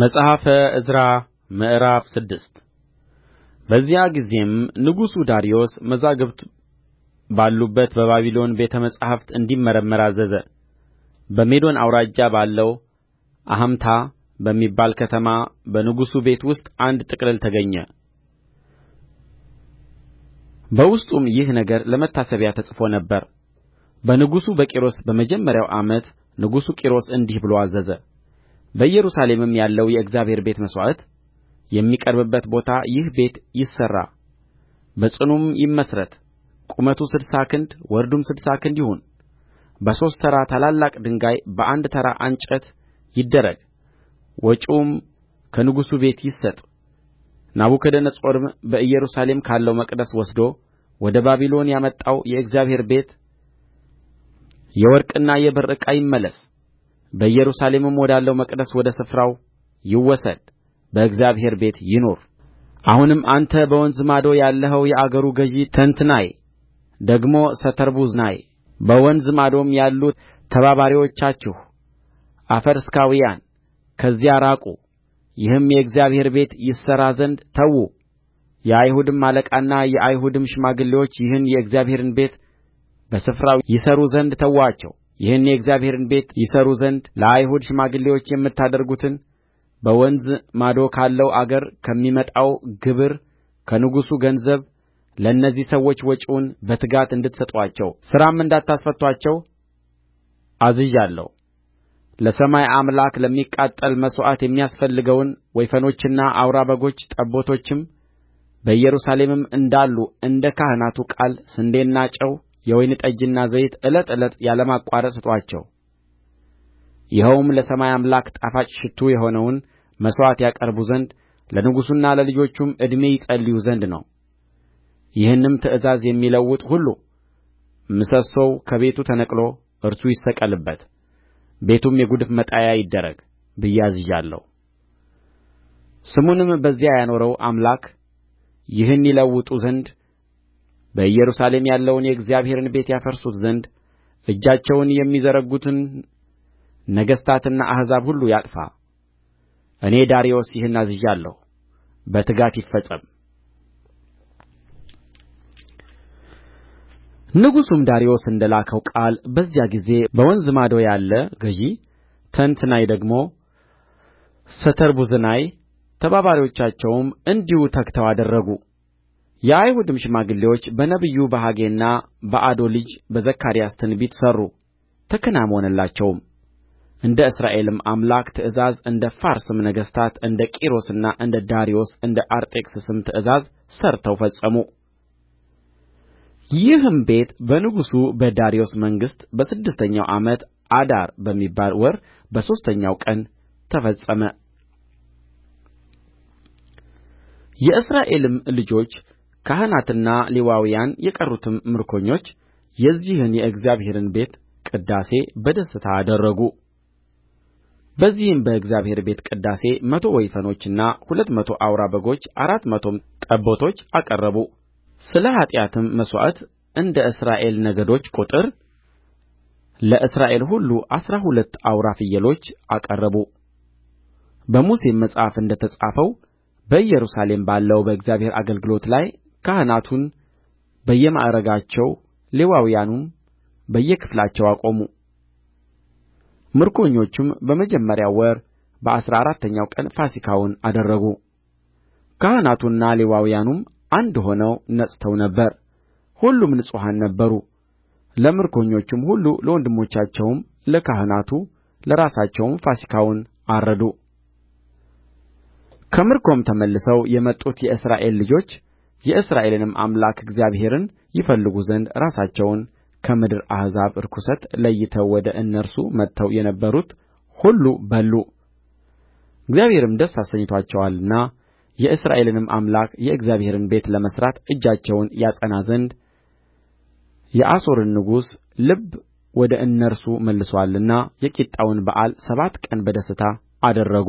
መጽሐፈ ዕዝራ ምዕራፍ ስድስት በዚያ ጊዜም ንጉሡ ዳርዮስ መዛግብት ባሉበት በባቢሎን ቤተ መጻሕፍት እንዲመረመር አዘዘ። በሜዶን አውራጃ ባለው አሕምታ በሚባል ከተማ በንጉሡ ቤት ውስጥ አንድ ጥቅልል ተገኘ። በውስጡም ይህ ነገር ለመታሰቢያ ተጽፎ ነበር። በንጉሡ በቂሮስ በመጀመሪያው ዓመት ንጉሡ ቂሮስ እንዲህ ብሎ አዘዘ በኢየሩሳሌምም ያለው የእግዚአብሔር ቤት መሥዋዕት የሚቀርብበት ቦታ ይህ ቤት ይሠራ በጽኑም ይመሥረት ቁመቱ ስድሳ ክንድ ወርዱም ስድሳ ክንድ ይሁን በሦስት ተራ ታላላቅ ድንጋይ በአንድ ተራ እንጨት ይደረግ ወጪውም ከንጉሡ ቤት ይሰጥ ናቡከደነፆርም በኢየሩሳሌም ካለው መቅደስ ወስዶ ወደ ባቢሎን ያመጣው የእግዚአብሔር ቤት የወርቅና የብር ዕቃ ይመለስ በኢየሩሳሌምም ወዳለው መቅደስ ወደ ስፍራው ይወሰድ በእግዚአብሔር ቤት ይኑር አሁንም አንተ በወንዝ ማዶ ያለኸው የአገሩ ገዥ ተንትናይ ደግሞ ሰተርቡዝናይ በወንዝ ማዶም ያሉት ተባባሪዎቻችሁ አፈርስካውያን ከዚያ ራቁ ይህም የእግዚአብሔር ቤት ይሠራ ዘንድ ተዉ የአይሁድም አለቃና የአይሁድም ሽማግሌዎች ይህን የእግዚአብሔርን ቤት በስፍራው ይሠሩ ዘንድ ተዉአቸው ይህን የእግዚአብሔርን ቤት ይሠሩ ዘንድ ለአይሁድ ሽማግሌዎች የምታደርጉትን በወንዝ ማዶ ካለው አገር ከሚመጣው ግብር ከንጉሡ ገንዘብ ለእነዚህ ሰዎች ወጪውን በትጋት እንድትሰጡአቸው ሥራም እንዳታስፈቱአቸው አዝዣለሁ ለሰማይ አምላክ ለሚቃጠል መሥዋዕት የሚያስፈልገውን ወይፈኖችና አውራ በጎች ጠቦቶችም በኢየሩሳሌምም እንዳሉ እንደ ካህናቱ ቃል ስንዴና ጨው የወይን ጠጅና ዘይት ዕለት ዕለት ያለማቋረጥ ስጡአቸው ይኸውም ለሰማይ አምላክ ጣፋጭ ሽቱ የሆነውን መሥዋዕት ያቀርቡ ዘንድ ለንጉሡና ለልጆቹም ዕድሜ ይጸልዩ ዘንድ ነው ይህንም ትእዛዝ የሚለውጥ ሁሉ ምሰሶው ከቤቱ ተነቅሎ እርሱ ይሰቀልበት ቤቱም የጉድፍ መጣያ ይደረግ ብዬ አዝዣለሁ። ስሙንም በዚያ ያኖረው አምላክ ይህን ይለውጡ ዘንድ በኢየሩሳሌም ያለውን የእግዚአብሔርን ቤት ያፈርሱት ዘንድ እጃቸውን የሚዘረጉትን ነገሥታትና አሕዛብ ሁሉ ያጥፋ እኔ ዳርዮስ ይህን አዝዣለሁ በትጋት ይፈጸም ንጉሡም ዳርዮስ እንደ ላከው ቃል በዚያ ጊዜ በወንዝ ማዶ ያለ ገዢ ተንትናይ ደግሞ ሰተርቡዝናይ ተባባሪዎቻቸውም እንዲሁ ተግተው አደረጉ የአይሁድም ሽማግሌዎች በነቢዩ በሐጌና በአዶ ልጅ በዘካርያስ ትንቢት ሠሩ ተከናወነላቸውም እንደ እስራኤልም አምላክ ትእዛዝ እንደ ፋርስም ነገሥታት እንደ ቂሮስና እንደ ዳርዮስ እንደ አርጤክስስም ትእዛዝ ሠርተው ፈጸሙ። ይህም ቤት በንጉሡ በዳርዮስ መንግሥት በስድስተኛው ዓመት አዳር በሚባል ወር በሦስተኛው ቀን ተፈጸመ። የእስራኤልም ልጆች ካህናትና ሌዋውያን የቀሩትም ምርኮኞች የዚህን የእግዚአብሔርን ቤት ቅዳሴ በደስታ አደረጉ በዚህም በእግዚአብሔር ቤት ቅዳሴ መቶ ወይፈኖችና ሁለት መቶ አውራ በጎች አራት መቶም ጠቦቶች አቀረቡ ስለ ኃጢአትም መሥዋዕት እንደ እስራኤል ነገዶች ቍጥር ለእስራኤል ሁሉ አሥራ ሁለት አውራ ፍየሎች አቀረቡ በሙሴም መጽሐፍ እንደ ተጻፈው በኢየሩሳሌም ባለው በእግዚአብሔር አገልግሎት ላይ ካህናቱን በየማዕርጋቸው ሌዋውያኑም በየክፍላቸው አቆሙ ምርኮኞቹም በመጀመሪያው ወር በአሥራ አራተኛው ቀን ፋሲካውን አደረጉ ካህናቱና ሌዋውያኑም አንድ ሆነው ነጽተው ነበር ሁሉም ንጹሐን ነበሩ ለምርኮኞቹም ሁሉ ለወንድሞቻቸውም ለካህናቱ ለራሳቸውም ፋሲካውን አረዱ ከምርኮም ተመልሰው የመጡት የእስራኤል ልጆች የእስራኤልንም አምላክ እግዚአብሔርን ይፈልጉ ዘንድ ራሳቸውን ከምድር አሕዛብ ርኵሰት ለይተው ወደ እነርሱ መጥተው የነበሩት ሁሉ በሉ እግዚአብሔርም ደስ አሰኝቶአቸዋልና የእስራኤልንም አምላክ የእግዚአብሔርን ቤት ለመሥራት እጃቸውን ያጸና ዘንድ የአሦርን ንጉሥ ልብ ወደ እነርሱ መልሶአልና የቂጣውን በዓል ሰባት ቀን በደስታ አደረጉ